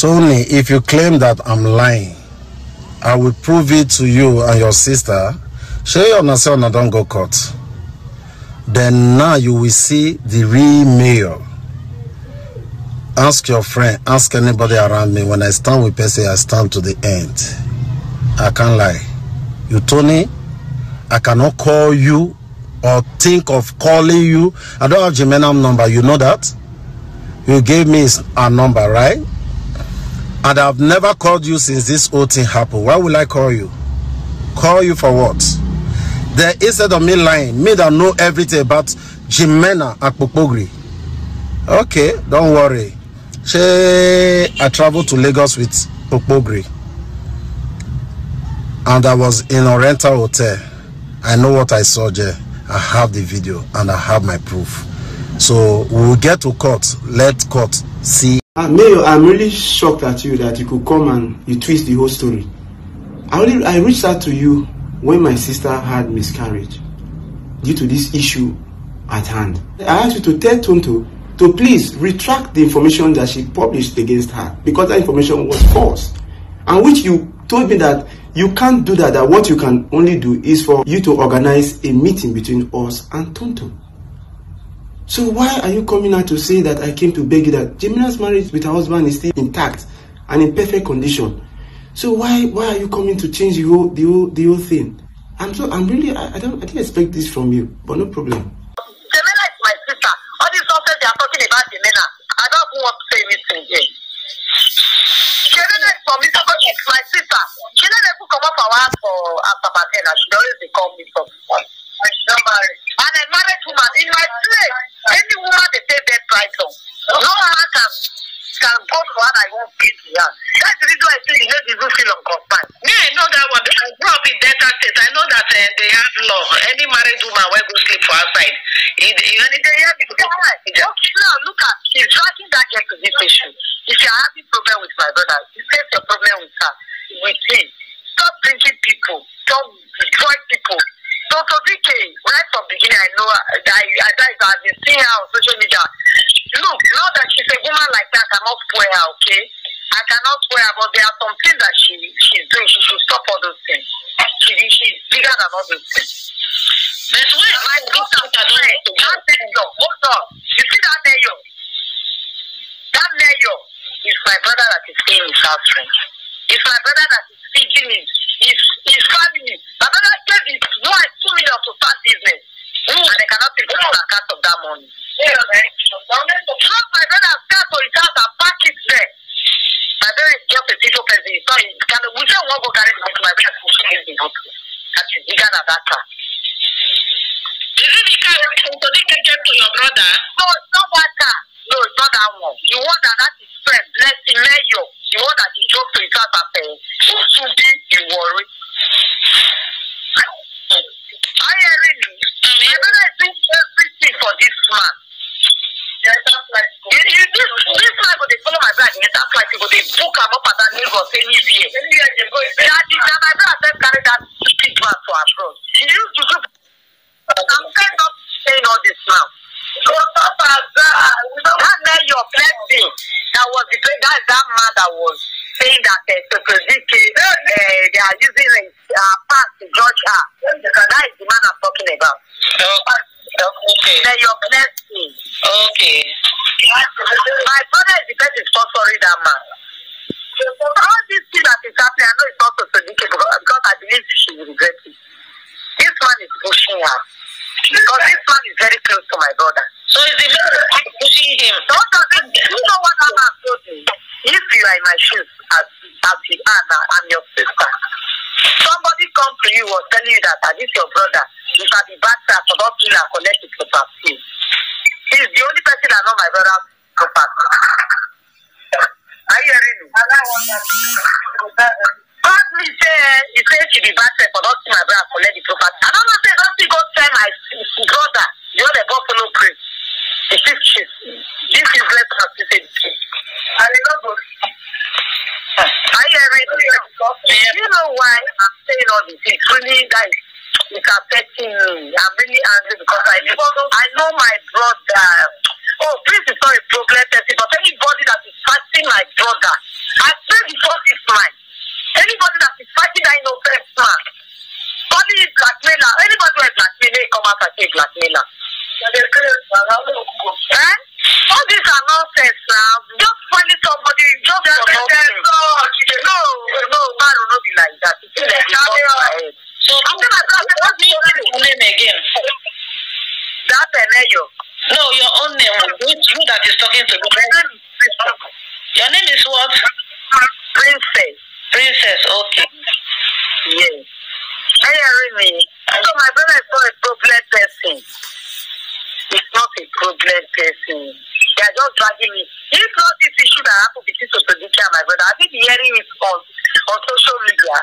Tony, if you claim that I'm lying, I will prove it to you and your sister. Show your and don't go court. Then now you will see the real mayor. Ask your friend, ask anybody around me. When I stand with Percy, I stand to the end. I can't lie. You, Tony, I cannot call you or think of calling you. I don't have Jimenam number. You know that? You gave me a number, right? and I've never called you since this whole thing happened. Why will I call you? Call you for what? There instead of me lying, me that know everything about Jimena Akpokpogri. Okay, don't worry. She, I traveled to Lagos with Pokpogri. And I was in a rental hotel. I know what I saw there. I have the video and I have my proof. So we'll get to court. Let court see. Ah, Mayor, I'm really shocked at you that you could come and you twist the whole story. I, only, I reached out to you when my sister had miscarriage due to this issue at hand. I asked you to tell Tonto to please retract the information that she published against her because that information was false and which you told me that you can't do that, that what you can only do is for you to organize a meeting between us and Tonto. So why are you coming out to say that I came to beg you that Jemina's marriage with her husband is still intact and in perfect condition? So why why are you coming to change the whole the whole the whole thing? I'm so I'm really I, I don't I didn't expect this from you, but no problem. Jemina is my sister. All these nonsense they are talking about Jemina. I don't want to say anything here. Jemina is for me, somebody It's my sister. She never even come up for us for after Batena. She always call me for and she's married. And a married woman in my sister. Anyone they say bed price on. No one can can go to one I won't pay to her. That's the reason why I say you make people feel unconcerned. Me, I know that one because I grew up in Delta State. I know that uh, they have law. Any married woman will go sleep for outside. If they have Okay, now look at she's dragging that girl to this issue. If you're having problem with my brother, you face your problem with her, with him. Stop bringing people. PK, right from beginning, I know that I, I, I've been seeing her on social media. Look, now that she's a woman like that, I cannot swear her, okay? I cannot swear her, but there are some things that she, she's doing. She should stop all those things. She, she's bigger than all those things. That's why my daughter, that Neyo, hold on. You see that mayor? That mayor is my brother that is staying in South French. It's my brother that is feeding me. It's his family. My brother two million to start business mm. and they cannot take full mm. account of that money. Okay. Half my brothers car to his house and it there. My parents just a simple person. so he can we say one go carry the motor, my brother will carry the motor. That is bigger than that car. Is it because the car Ntoni get to your brother? No, it's not one car. No, it's not that one. You one that that is friend, bless the you, you one that he just to his house and said, Who should be in worry? for the book and ah. not that neighbors anywhere. That is that my brother said carry that stupid man to abroad. He used to do. I'm kind of saying all this now. So Papa, that man your blessing, that was the that that man that was saying that uh, eh, Sepedike, uh, eh, they are using a uh, past to judge her. That is the man I'm talking about. So, oh, okay. May your blessing. Okay. My brother is the best is sorry, that man. So all these things that is happening, I know it's not so Sodike because I believe she will regret it. This man is pushing her. Because this man is very close to my brother. So is the man pushing him? Don't so, so you know what I'm told me? If you are in my shoes, as, as you are now, I'm your sister. Somebody come to you or tell you that, ah, this your brother, you shall be bad for not killing and collect it for his He's the only person I know my brother Are you hearing me? God me say he be bad for not see my brother collect the property. I don't know say don't see go tell my brother you the boss no pray. She say this is less than she say. you know why I'm saying all this? It's really guys. It's affecting me. I'm really angry because I know my brother oh, this is not a problem person, but anybody that is fighting my brother, I pray before this man. Anybody that is fighting that innocent man, only is blackmailer, anybody who is blackmailer, come out and say blackmailer. Eh? All these are nonsense now. Just finding somebody, just for no reason. No, no, man will not be like that. It's like that. So, I'm going to tell you, what's the name again? That's an error spell your own name with you that is talking to me. Your name is what? Princess. Princess, okay. Yes. Are you hearing me? So my brother is not a problem person. It's not a problem person. They are just dragging me. If not this issue that happened between Sosodika and my brother, I've been hearing it on, on social media.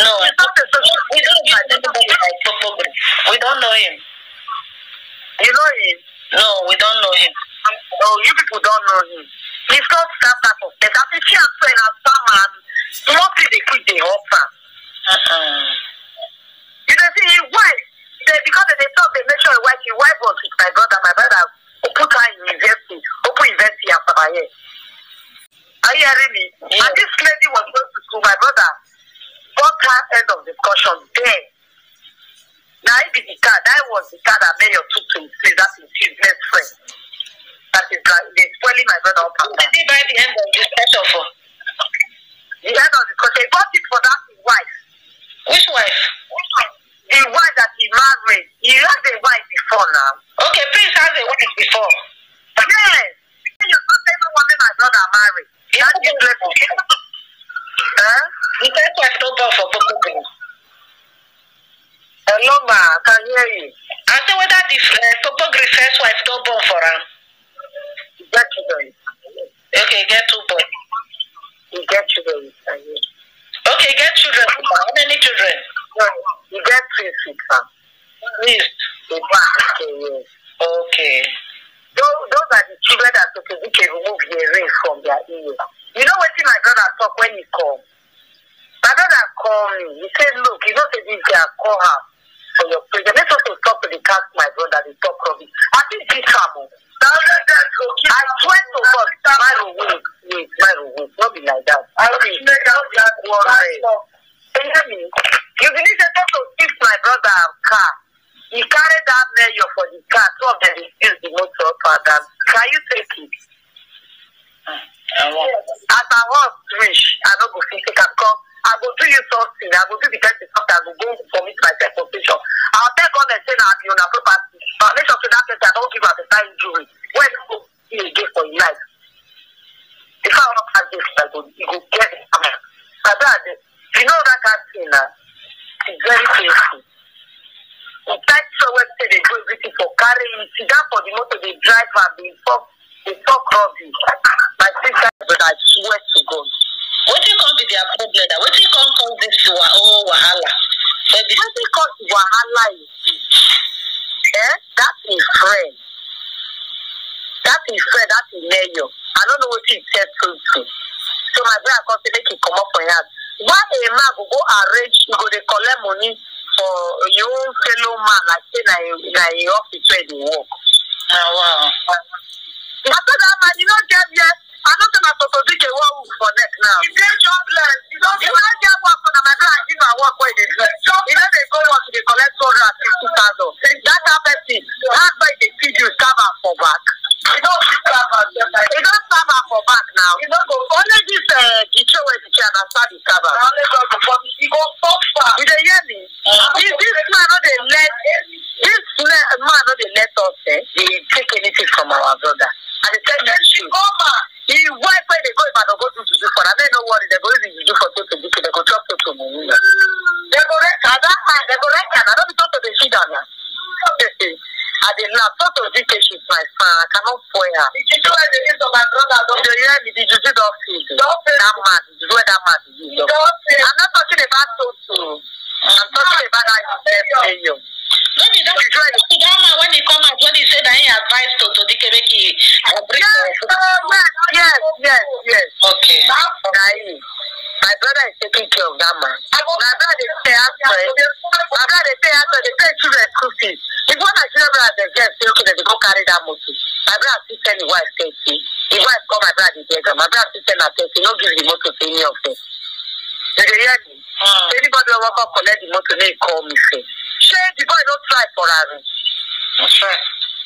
No, it's not a social media. We don't know him know him? No, we don't know him. Oh, you people don't know him. He's not that type of person. As a chance to an man, mostly they quit the offer. Uh-uh. You can see his wife. They, because they thought they made sure his wife, his wife was with my brother. My brother put her in university, open university after my head. Are you hearing me? Yeah. And this lady was going to school. My brother got her end of discussion there. Now, I be the car. That was the car that Mayor took to his place. That is his best friend. That is like, they're spoiling my brother up. Who did he buy the end of the special for? The end of the because he bought it for that wife. Which wife? The wife that he married. He has a wife before now. Okay, Prince has a wife before. Yes. You don't even want my brother married. That's his level. Huh? The first wife don't go for both of them. Norma, I can hear you. I say whether the uh, Topogri first wife don't born for her. He get children. Okay, get two boys. He get children. Okay, get children. How many children? Well, he get three with her. Three? Okay, yes. Okay. Those, those are the children that can remove the ring from their ear. You know what my brother talk when he come? My brother call me. He said, look, you know, they are call her on your face. You're not talk to the cat, my brother, the talk of I think this time, oh. I swear to God, my reward, wait, my reward, not be like that. I mean, that worry. you hear me? You believe they talk to thief my brother car. He carried that mayor for the car. Two of them refused the motor for them. Can you take it? I As I was rich, I don't go see it. I will do you something. I will do the best to stuff. I will go go commit myself government say na una property but make sure say that person i don give am better injury wey no go see again for im life if i wan pass this i go e go get am my brother, you know that kind thing na uh, e very painful the type show wey say dey do everything for carry you sit down for the motor dey drive am dey talk dey talk rubbish my sister but i swear to god wetin come be their problem na wetin come cause this wa own oh, wahala. wetin cause wahala is eh? That's a friend. That is friend. That is mayor. I don't know what he said to you. So my brother come say make he come up for you. Why a man go go arrange? You go to collect money for your fellow man like say na na your office where dey work. Oh, wow. Na so that man you no get yet. I don't think I'm supposed to get one week for neck now. You dey jobless. You don't get work for the man. brother give her work where he dey. You know they go collect two hundred and fifty thousand since that time person that boy dey feed you serve am for back. e don serve am for back. e don serve am for back now. only this uh, the show wey the chair na start dey serve dey laugh so to do case with my son i cannot spoil her. the juju wey dey use for my brother don dey hear me the juju don fail. don fail that man the juju wey that man dey use don fail. i'm not talking about toto i'm talking about that you sef failure no be that is right that man when he come out when he say that he advise to to dike make he break yes yes yes yes okay my brother is taking care of that man na brother dey pay after my brother dey pay after dey pay children school fees if one nigerian brother dey get say okay dem go carry that motor my brother fit send him wife see. him wife call my brother dey beg am my brother fit send am thirty no give the motor to any of them you dey hear me ah. anybody wey wan come collect the motor make he call me first ṣé the boy no try for am. Ẹ̀sẹ̀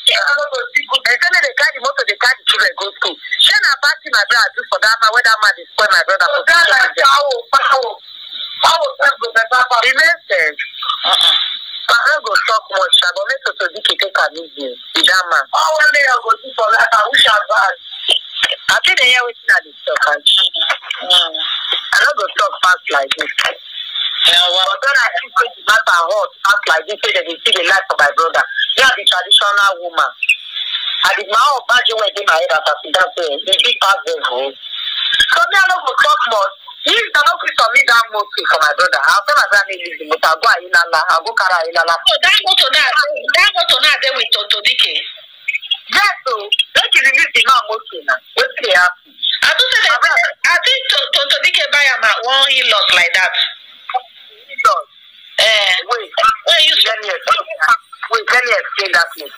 dey carry motor dey carry children go school. Ṣé na bad thing my brother do for that man when that man dey spoil my brother for school? Báwo báwo báwo sef go bẹ báwo. E make sense. I no go talk much, I go make Soso Dike take am easy with that man. All one day I go do for life, I wish I bad. I fit dey hear wetin I dey talk and. Mm. I no go talk fast like this then I see say the matter hot act like this say dem dey see the life of my brother me i be traditional woman i be my own baju wey dey my head as i sit down say e big pass dem o so me i no go talk much if dem no fit submit that motive for my brother i tell my brother make he leave the motor go ayinala i go carry ayinala. so that motor na that motor na dey with Dike. yes o make you release the man motor na wetin dey happen. i too say that. i think Dike buy am at one he lost like that. let me explain that to you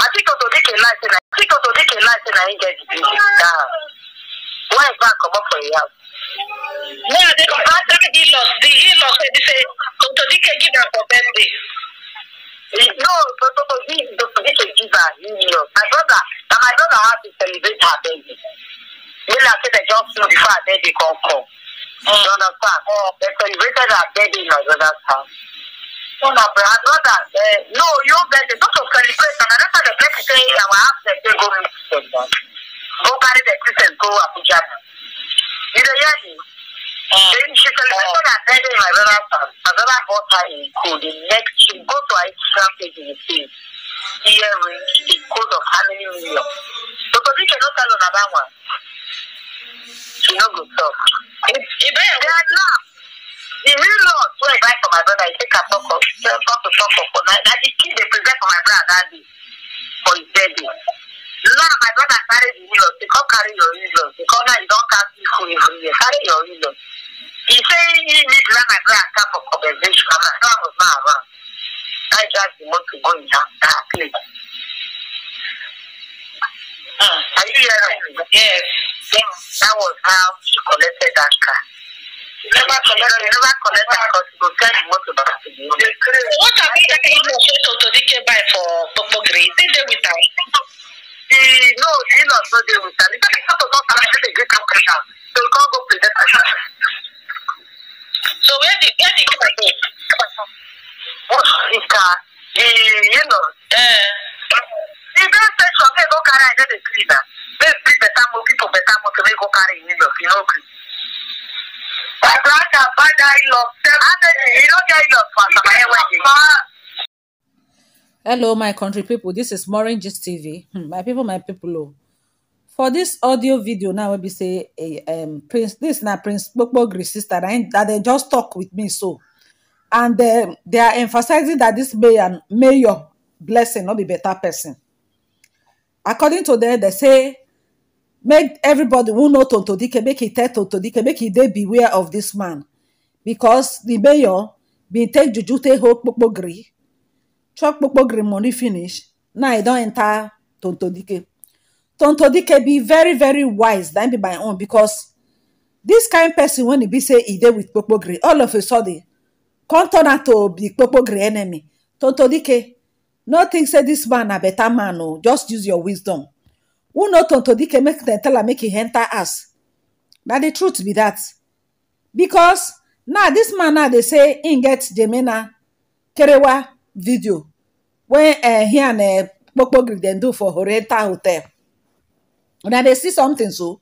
I atikọtọ dike lie say na atikọtọ dike lie say na him get the baby down wife man comot for him house. me i dey advise every in-laws the in-laws say be say give her for birthday. no dr dike dr dike give her in-laws my brother na my brother has to celebrate her baby. birthday I said I just know before her baby come come. you mm. understand or oh, dem celebrated her baby. in my brother's house son or brother, uh, no, you better not to celebrate. And another the best say our absence they oh, go missing. Go carry the Christians go Abuja. You don't hear mm. Then she celebrated her birthday my brother's house. My brother bought her in cool. The next she go to her Instagram page and see earrings, the code of how many million. So because you cannot tell on one, she no go talk. They are not the real lord wey I buy for my brother I take am talk of talk to talk of for na na the key dey present for my brother that day for his birthday now my brother carry the real lord He come carry your real lord come now you don cancel school every year carry your real lord he say he need run my brother car for compensation and my car was not around i just the to go his house na plate. Hmm. Are you hearing me? Yes. That was how she collected that car never collect never collect her because she go tell you what about to do. What have you taken even say to Todike buy for Popo Grey? Is it there with her? The no, she not no there with her. The person to not allow her to get her pressure. So we can't go present her. So where the where the car go? What the car? The you know. Uh, the best section they go carry I get the cleaner. They bring better more people better more to make go carry you know you know. Hello, my country people. This is Maureen Gist TV. Hmm, my people, my people. Oh. For this audio video now, we be say a eh, um, Prince. This na Prince Gbogbo sister that, that they just talk with me so, and they, eh, they are emphasizing that this mayor, mayor blessing, not be better person. According to them, they say make everybody wey know tontodike make e tell tontodike make e dey beware of dis man because di mayor bin take juju take hold kpokpogiri chop kpokpogiri money finish na e don enter tontodike tontodike be very very wise dan be my own because dis kain pesin wen e be say e dey with kpokpogiri all of a sudden turn out to be kpokpogiri enemy tontodike no think say dis man na beta man o oh. just use your wisdom. who no to dike make dem tell am make e enter house na the truth be that because now this man now dey say im get jemina kerewa video wey eh, he and eh, kpokpogiri dem do for horeta hotel una dey see something so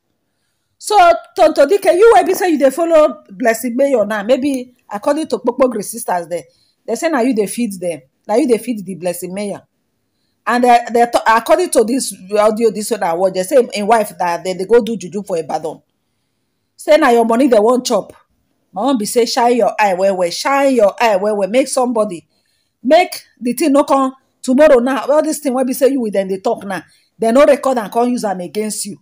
so tonto dike you wey be say you dey follow blessing mayor now maybe according to kpokpogiri sisters dem dem say na you dey feed dem na you dey feed the blessing mayor and they they according to this audio this one i watch they say in wife that they they go do juju for a badon. say now your money they won't chop my own be say shine your eye where where shine your eye where where make somebody make the thing no come tomorrow now all this thing wey be say you with dem dey talk now They no record and come use them against you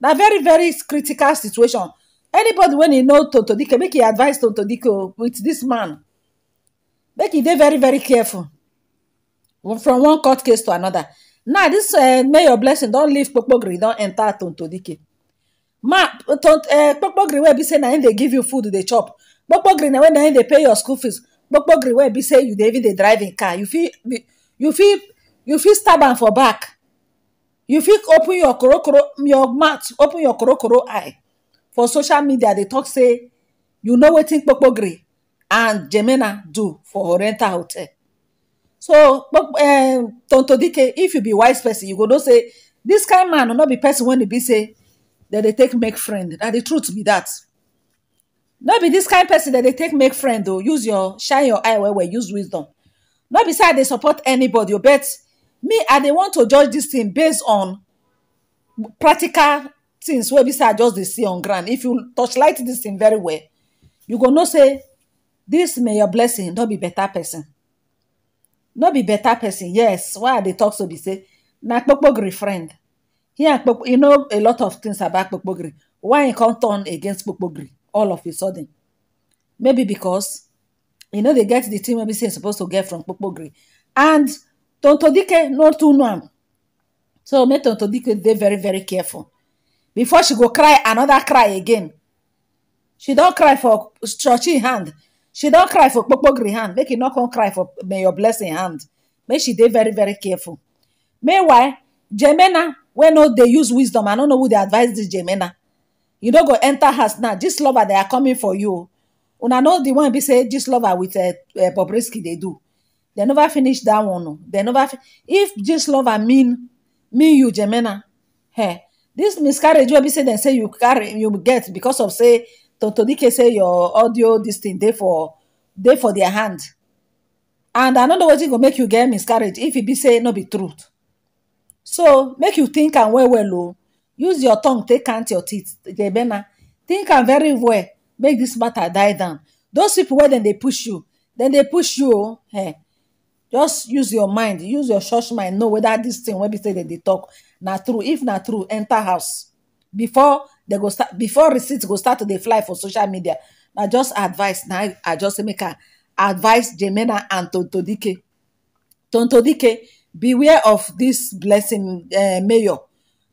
na very very critical situation anybody when you know Tonto Dike, make e advise Dike oh, with this man make e dey very very careful from one court case to anoda now dis uh, mayor blessing don leave kpokpogri don enta tontondike map tontondike eh, kpokpogri wey be say na him dey give you food dey chop kpokpogri na wen na him dey pay your school fees kpokpogri wey be say you dey even dey drive him car you fit you fit you fit stab am for back you fit open your korokoro your mouth open your korokoro eye for social media dey tok say you know wetin kpokpogri and jemena do for oriante hotel. so um, tonto dike if you be wise person you go don't say this kind man will not be person when they be say that they take make friend That the truth be that not be this kind person that they take make friend though. use your shine your eye well use wisdom Not beside say support anybody or oh, bet me i they want to judge this thing based on practical things where beside say just they see on ground if you touch light this thing very well you go no say this may your blessing Not be better person not be better person yes why they talk so be say na kpokpogiri friend He and you know a lot of things about kpokpogiri why him come turn against kpokpogiri all of a sudden maybe because you know they get the thing wey be say suppose to get from kpokpogiri and tontodike no too no am so make tontodike they very very careful before she go cry another cry again she don't cry for churchy hand she don't cry for kpokpogri hand make you not come cry for may your blessing hand make she dey very very careful meanwhile jemena when no they use wisdom i don't know who they advise this jemena you don't go enter house now This lover they are coming for you I know the one be say this lover with eh, eh, bobrisky they do They never finish that one They never if this lover mean mean you jemena hey eh, this miscarriage you be say dem say you carry you get because of say to say your audio dis thing dey for dey for their hand and i no know wetin go make you get miscarriage if e be say no be truth so make you think am well well o oh. use your tongue take count your teeth jebina think am very well make dis matter die down those people wey dem dey push you dem dey push you o oh, eh just use your mind use your church mind know weda dis thing wey be say dem dey tok na true if na true enter house before they go start before receipts go start to dey fly for social media I just advice now. i just make a advise jemena and tontodike tontodike beware of this blessing eh, mayor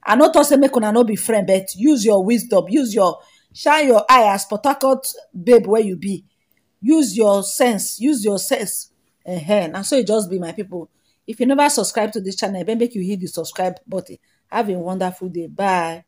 i no to say make una no be friend but use your wisdom use your shine your eye as port babe where you be use your sense use your sense -huh. na so e just be my people. if you never subscribe to this channel make you hit the subscribe button have a wonderful day bye